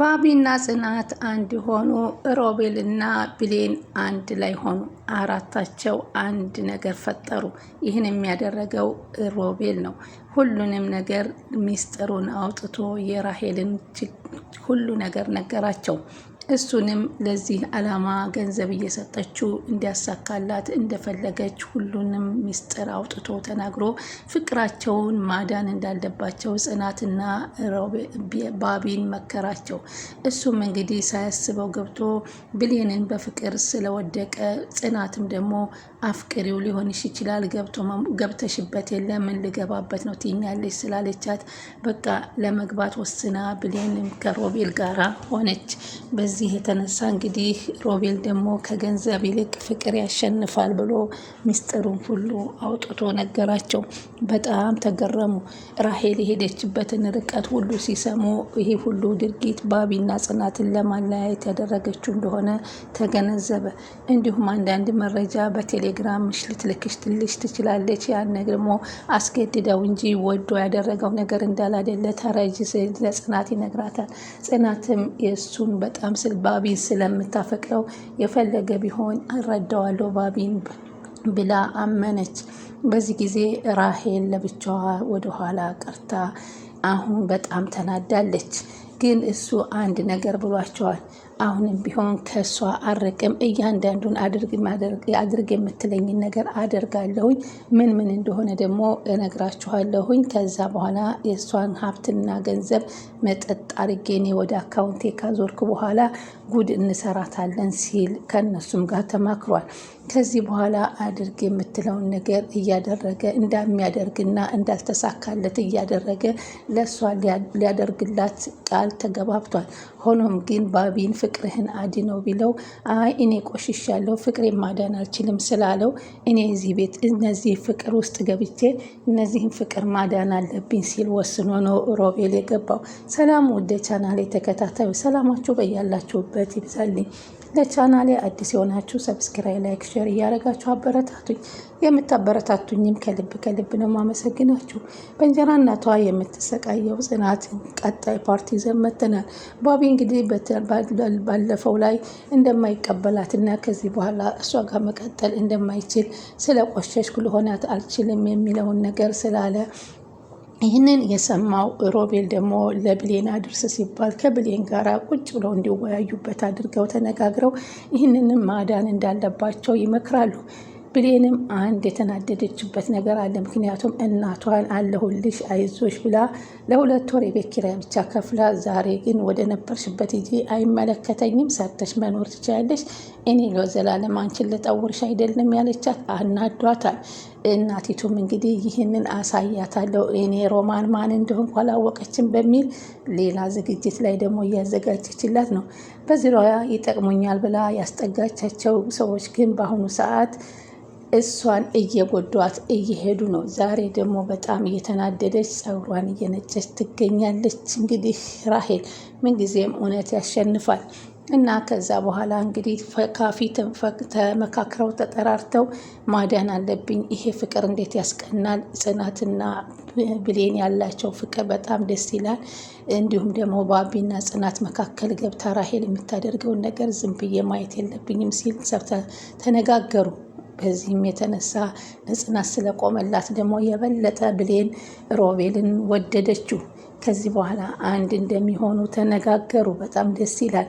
ባቢና ጽናት አንድ ሆኑ። ና ብሌን አንድ ላይ ሆኑ። አራታቸው አንድ ነገር ፈጠሩ። ይህን የሚያደረገው ሮቤል ነው። ሁሉንም ነገር ሚስጥሩን አውጥቶ የራሄልን ሁሉ ነገር ነገራቸው። እሱንም ለዚህ ዓላማ ገንዘብ እየሰጠችው እንዲያሳካላት እንደፈለገች ሁሉንም ሚስጥር አውጥቶ ተናግሮ ፍቅራቸውን ማዳን እንዳለባቸው ጽናትና ባቢን መከራቸው። እሱም እንግዲህ ሳያስበው ገብቶ ብሌንን በፍቅር ስለወደቀ ጽናትም ደግሞ አፍቅሪው ሊሆንሽ ይችላል ገብተሽበት የለ ምን ልገባበት ነው ትኛለች ስላለቻት በቃ ለመግባት ወስና ብሌንም ከሮቤል ጋራ ሆነች። ከዚህ የተነሳ እንግዲህ ሮቤል ደግሞ ከገንዘብ ይልቅ ፍቅር ያሸንፋል ብሎ ሚስጥሩን ሁሉ አውጥቶ ነገራቸው። በጣም ተገረሙ። ራሄል የሄደችበትን ርቀት ሁሉ ሲሰሙ ይሄ ሁሉ ድርጊት ባቢና ጽናትን ለማለያየት ያደረገችው እንደሆነ ተገነዘበ። እንዲሁም አንዳንድ መረጃ በቴሌግራም ልትልክሽ ትልሽ ትችላለች። ያን ደግሞ አስገድደው እንጂ ወዶ ያደረገው ነገር እንዳላደለ ተረጅ ለጽናት ይነግራታል። ጽናትም የእሱን በጣም ስትል ባቢን ስለምታፈቅረው የፈለገ ቢሆን እረዳዋለሁ ባቢን ብላ አመነች። በዚህ ጊዜ ራሄል ለብቻዋ ወደኋላ ቀርታ አሁን በጣም ተናዳለች። ግን እሱ አንድ ነገር ብሏቸዋል። አሁንም ቢሆን ከእሷ አረቅም። እያንዳንዱን አድርግ የምትለኝን ነገር አደርጋለሁኝ። ምን ምን እንደሆነ ደግሞ እነግራችኋለሁኝ። ከዛ በኋላ የእሷን ሀብትና ገንዘብ መጠጥ አድርጌኔ ወደ አካውንቴ ካዞርክ በኋላ ጉድ እንሰራታለን ሲል ከእነሱም ጋር ተማክሯል። ከዚህ በኋላ አድርግ የምትለውን ነገር እያደረገ እንደሚያደርግና እንዳልተሳካለት እያደረገ ለእሷ ሊያደርግላት ቃል ተገባብቷል። ሆኖም ግን ባቢን ፍቅርህን አድነው ቢለው አይ እኔ ቆሽሻለሁ፣ ፍቅሬ ማዳን አልችልም ስላለው እኔ እዚህ ቤት እነዚህ ፍቅር ውስጥ ገብቼ እነዚህን ፍቅር ማዳን አለብኝ ሲል ወስኖ ነው ሮቤል የገባው። ሰላም ውደ ቻናል የተከታታዩ ሰላማችሁ በያላችሁበት ይብዛልኝ። ለቻናሌ አዲስ የሆናችሁ ሰብስክራይ፣ ላይክ፣ ሼር እያደረጋችሁ አበረታቱኝ። የምታበረታቱኝም ከልብ ከልብ ነው ማመሰግናችሁ። በእንጀራ እናቷ የምትሰቃየው ጽናት ቀጣይ ፓርቲ ይዘን ባቢ እንግዲህ ባለፈው ላይ እንደማይቀበላትና ከዚህ በኋላ እሷ ጋር መቀጠል እንደማይችል ስለ ቆሸሽ ልሆናት አልችልም የሚለውን ነገር ስላለ ይህንን የሰማው ሮቤል ደግሞ ለብሌን አድርስ ሲባል ከብሌን ጋር ቁጭ ብለው እንዲወያዩበት አድርገው ተነጋግረው ይህንንም ማዳን እንዳለባቸው ይመክራሉ። ብሌንም አንድ የተናደደችበት ነገር አለ። ምክንያቱም እናቷን አለሁልሽ አይዞሽ ብላ ለሁለት ወር የቤት ኪራይ ብቻ ከፍላ፣ ዛሬ ግን ወደ ነበርሽበት ሂጂ፣ አይመለከተኝም፣ ሰርተሽ መኖር ትችያለሽ፣ እኔ ለዘላለም አንቺን ልጠውርሽ አይደለም ያለቻት አናዷታል። እናቲቱም እንግዲህ ይህንን አሳያታለሁ እኔ ሮማን ማን እንደሆንኩ አላወቀችም በሚል ሌላ ዝግጅት ላይ ደግሞ እያዘጋጀችላት ነው። በዙሪያዋ ይጠቅሙኛል ብላ ያስጠጋቻቸው ሰዎች ግን በአሁኑ ሰዓት እሷን እየጎዷት እየሄዱ ነው። ዛሬ ደግሞ በጣም እየተናደደች ጸጉሯን እየነጨች ትገኛለች። እንግዲህ ራሄል ምንጊዜም እውነት ያሸንፋል። እና ከዛ በኋላ እንግዲህ ካፊ ተመካክረው ተጠራርተው ማዳን አለብኝ፣ ይሄ ፍቅር እንዴት ያስቀናል። ጽናትና ብሌን ያላቸው ፍቅር በጣም ደስ ይላል። እንዲሁም ደግሞ ባቢና ጽናት መካከል ገብታ ራሄል የምታደርገውን ነገር ዝም ብዬ ማየት የለብኝም ሲል ተነጋገሩ። በዚህም የተነሳ ጽናት ስለቆመላት ደግሞ የበለጠ ብሌን ሮቤልን ወደደችው። ከዚህ በኋላ አንድ እንደሚሆኑ ተነጋገሩ። በጣም ደስ ይላል።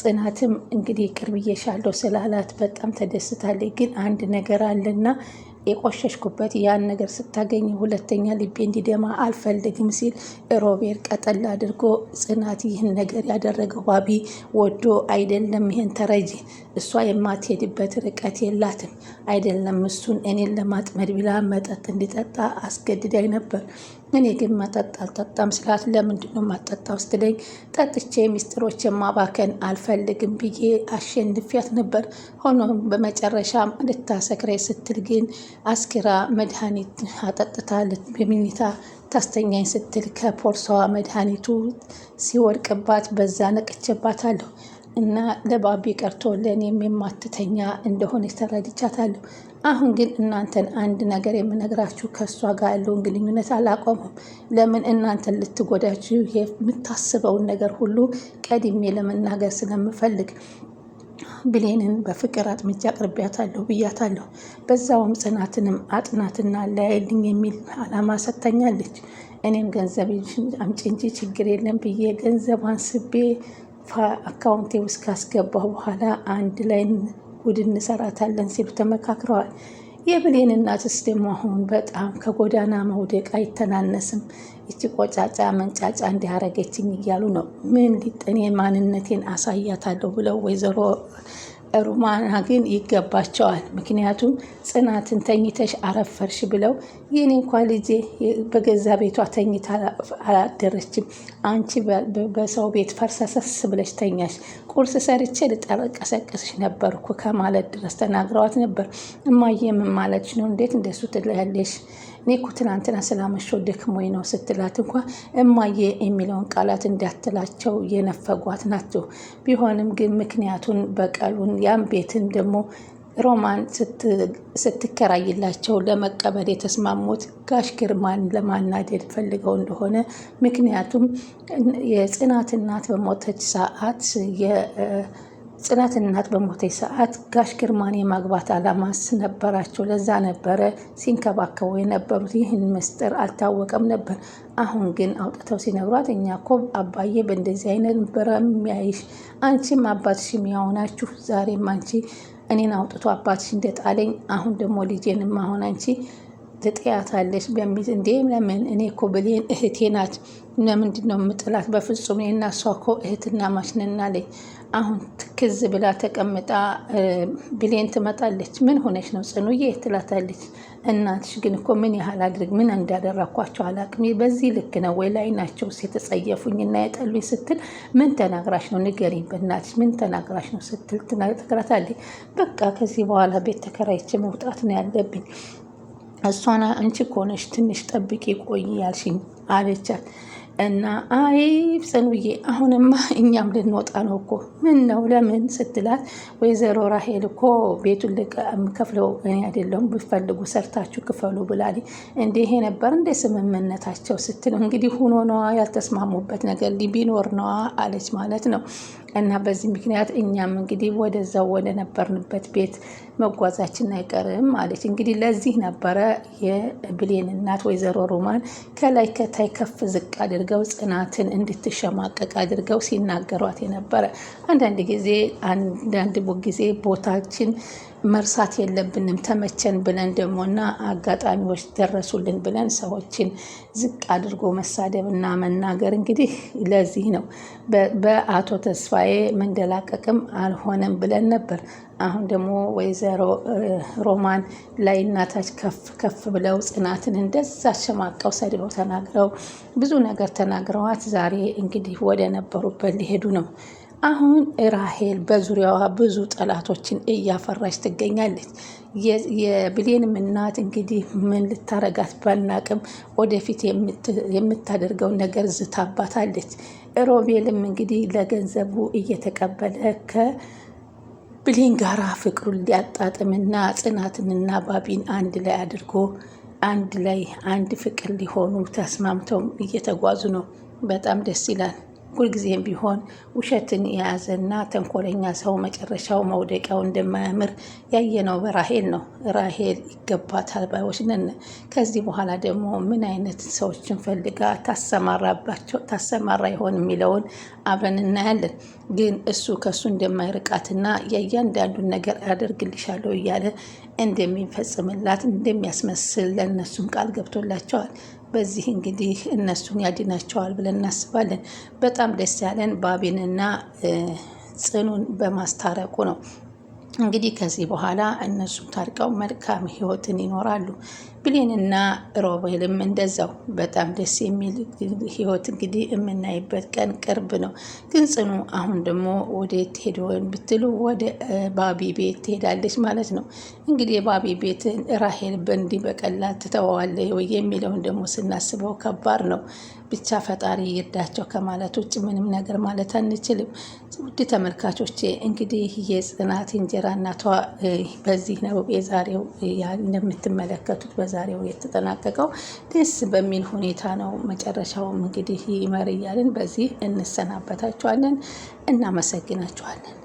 ጽናትም እንግዲህ ቅርብ ቅርብዬሻለሁ ስላላት በጣም ተደስታለች። ግን አንድ ነገር አለና የቆሸሽኩበት ያን ነገር ስታገኝ ሁለተኛ ልቤ እንዲደማ አልፈልግም ሲል ሮቤር ቀጠል አድርጎ ጽናት ይህን ነገር ያደረገው ባቢ ወዶ አይደለም፣ ይህን ተረጂ እሷ የማትሄድበት ርቀት የላትም። አይደለም እሱን እኔን ለማጥመድ ብላ መጠጥ እንዲጠጣ አስገድዳኝ ነበር። እኔ ግን መጠጥ አልጠጣም ስላት ለምንድን ነው ማጠጣው ስትለኝ ጠጥቼ ሚስጥሮች የማባከን አልፈልግም ብዬ አሸንፊያት ነበር። ሆኖም በመጨረሻም ልታሰክሬ ስትል ግን አስኪራ መድኃኒት አጠጥታ በሚኒታ ታስተኛኝ ስትል ከፖርሳዋ መድኃኒቱ ሲወድቅባት በዛ ነቅቼባታለሁ። እና ለባቢ ቀርቶ ለእኔም የማትተኛ እንደሆነ ተረድቻታለሁ። አሁን ግን እናንተን አንድ ነገር የምነግራችሁ ከእሷ ጋር ያለውን ግንኙነት አላቆምም። ለምን እናንተን ልትጎዳችሁ የምታስበውን ነገር ሁሉ ቀድሜ ለመናገር ስለምፈልግ ብሌንን በፍቅር አጥምጃ አቅርቢያታለሁ ብያታለሁ። በዛውም ጽናትንም አጥናትና ለያይልኝ የሚል አላማ ሰጥተኛለች። እኔም ገንዘብ አምጪ እንጂ ችግር የለም ብዬ ገንዘቧን ስቤ። አካውንቴ ውስጥ ካስገባሁ በኋላ አንድ ላይ ጉድ እንሰራታለን ሲሉ ተመካክረዋል። የብሌን እናትስ ደግሞ አሁን በጣም ከጎዳና መውደቅ አይተናነስም። ይቺ ቆጫጫ መንጫጫ እንዲያረገችኝ እያሉ ነው። ምን ሊጠኔ ማንነቴን አሳያታለሁ ብለው ወይዘሮ ሩማና ግን ይገባቸዋል። ምክንያቱም ጽናትን ተኝተሽ አረፈርሽ ብለው የኔ እንኳ ልጄ በገዛ ቤቷ ተኝታ አላደረችም፣ አንቺ በሰው ቤት ፈርሰሰስ ብለሽ ተኛሽ፣ ቁርስ ሰርቼ ልጠረቀሰቅስሽ ነበር እኮ ከማለት ድረስ ተናግረዋት ነበር። እማዬ ምን ማለች ነው? እንዴት እንደሱ ትለያለሽ? እኔ እኮ ትናንትና ስላመሸው ደክሞኝ ነው ስትላት እንኳ እማዬ የሚለውን ቃላት እንዳትላቸው የነፈጓት ናቸው። ቢሆንም ግን ምክንያቱን በቀሉን ያን ቤትን ደግሞ ሮማን ስትከራይላቸው ለመቀበል የተስማሙት ጋሽ ግርማን ለማናደድ ፈልገው እንደሆነ ምክንያቱም የጽናት እናት በሞተች ሰዓት ጽናት እናት በሞተ ሰዓት ጋሽ ግርማን የማግባት አላማስ ነበራቸው። ለዛ ነበረ ሲንከባከቡ የነበሩት። ይህን ምስጢር አልታወቀም ነበር። አሁን ግን አውጥተው ሲነግሯት እኛ እኮ አባዬ በእንደዚህ አይነት ነበረ የሚያይሽ፣ አንቺም አባትሽ የሚያሆናችሁ ዛሬም አንቺ እኔን አውጥቶ አባትሽ እንደጣለኝ አሁን ደግሞ ልጄንም አሁን አንቺ ትጥያታለች በሚል እንዴ ለምን እኔ እኮ ብሌን እህቴ ናት ለምንድን ነው የምጥላት በፍጹም እኔ እና እሷ እኮ እህትና ማሽንና ላይ አሁን ትክዝ ብላ ተቀምጣ ብሌን ትመጣለች ምን ሆነች ነው ጽኑዬ ትላታለች እናትሽ ግን እኮ ምን ያህል አድርግ ምን እንዳደረኳቸው አላቅም በዚህ ልክ ነው ወይ ላይ ናቸው የተጸየፉኝና የጠሉኝ ስትል ምን ተናግራሽ ነው ንገሪኝ በእናትሽ ምን ተናግራሽ ነው ስትል ትነግራታለች በቃ ከዚህ በኋላ ቤት ተከራይቼ መውጣት ነው ያለብኝ እሷና አንቺ እኮ ትንሽ ጠብቂ ቆይ ያልሽኝ አለቻት። እና አይ ጽኑዬ አሁንማ እኛም ልንወጣ ነው እኮ ምን ነው ለምን ስትላት፣ ወይዘሮ ራሄል እኮ ቤቱን ከፍለው እኔ አይደለሁም ብፈልጉ ሰርታችሁ ክፈሉ ብላል። እንዲህ ነበር እንደ ስምምነታቸው ስትል፣ እንግዲህ ሁኖ ነዋ ያልተስማሙበት ነገር ቢኖር ነዋ አለች ማለት ነው። እና በዚህ ምክንያት እኛም እንግዲህ ወደዛው ወደ ነበርንበት ቤት መጓዛችን አይቀርም አለች። እንግዲህ ለዚህ ነበረ የብሌን እናት ወይዘሮ ሩማን ከላይ ከታይ ከፍ ዝቅ አድርገ አድርገው ጽናትን እንድትሸማቀቅ አድርገው ሲናገሯት የነበረ። አንዳንድ ጊዜ አንዳንድ ጊዜ ቦታችን መርሳት የለብንም። ተመቸን ብለን ደግሞ እና አጋጣሚዎች ደረሱልን ብለን ሰዎችን ዝቅ አድርጎ መሳደብ እና መናገር እንግዲህ ለዚህ ነው በአቶ ተስፋዬ መንደላቀቅም አልሆነም ብለን ነበር። አሁን ደግሞ ወይዘሮ ሮማን ላይ እናታች ከፍ ከፍ ብለው ጽናትን እንደዛ አሸማቀው ሰድበው ተናግረው ብዙ ነገር ተናግረዋት ዛሬ እንግዲህ ወደ ነበሩበት ሊሄዱ ነው። አሁን ራሄል በዙሪያዋ ብዙ ጠላቶችን እያፈራች ትገኛለች። የብሌንም እናት እንግዲህ ምን ልታረጋት ባናቅም ወደፊት የምታደርገውን ነገር ዝታባታለች። ሮቤልም እንግዲህ ለገንዘቡ እየተቀበለ ከብሌን ጋራ ፍቅሩን ሊያጣጥምና ጽናትንና ባቢን አንድ ላይ አድርጎ አንድ ላይ አንድ ፍቅር ሊሆኑ ተስማምተው እየተጓዙ ነው። በጣም ደስ ይላል። ሁልጊዜም ቢሆን ውሸትን የያዘና ተንኮለኛ ሰው መጨረሻው መውደቂያው እንደማያምር ያየነው በራሄል ነው። ራሄል ይገባታል ባዮች ነን። ከዚህ በኋላ ደግሞ ምን አይነት ሰዎችን ፈልጋ ታሰማራባቸው ታሰማራ ይሆን የሚለውን አብረን እናያለን። ግን እሱ ከሱ እንደማይርቃትና የእያንዳንዱን ነገር አደርግልሻለሁ እያለ እንደሚፈጽምላት እንደሚያስመስል ለእነሱም ቃል ገብቶላቸዋል። በዚህ እንግዲህ እነሱን ያድናቸዋል ብለን እናስባለን። በጣም ደስ ያለን ባቢንና ጽኑን በማስታረቁ ነው። እንግዲህ ከዚህ በኋላ እነሱ ታርቀው መልካም ህይወትን ይኖራሉ። ብሌንና ሮቤልም እንደዛው በጣም ደስ የሚል ህይወት እንግዲህ የምናይበት ቀን ቅርብ ነው። ግን ጽኑ አሁን ደግሞ ወደ ቴድወን ብትሉ ወደ ባቢ ቤት ትሄዳለች ማለት ነው። እንግዲህ የባቢ ቤትን ራሄል በእንዲህ በቀላል ትተዋዋለ ወይ የሚለውን ደግሞ ስናስበው ከባድ ነው። ብቻ ፈጣሪ ይርዳቸው ከማለት ውጭ ምንም ነገር ማለት አንችልም። ውድ ተመልካቾች እንግዲህ የጽናት እንጀራ እናቷ በዚህ ነው የዛሬው እንደምትመለከቱት በዛ በዛሬው የተጠናቀቀው ደስ በሚል ሁኔታ ነው። መጨረሻውም እንግዲህ ይመር እያልን በዚህ እንሰናበታችኋለን። እናመሰግናችኋለን።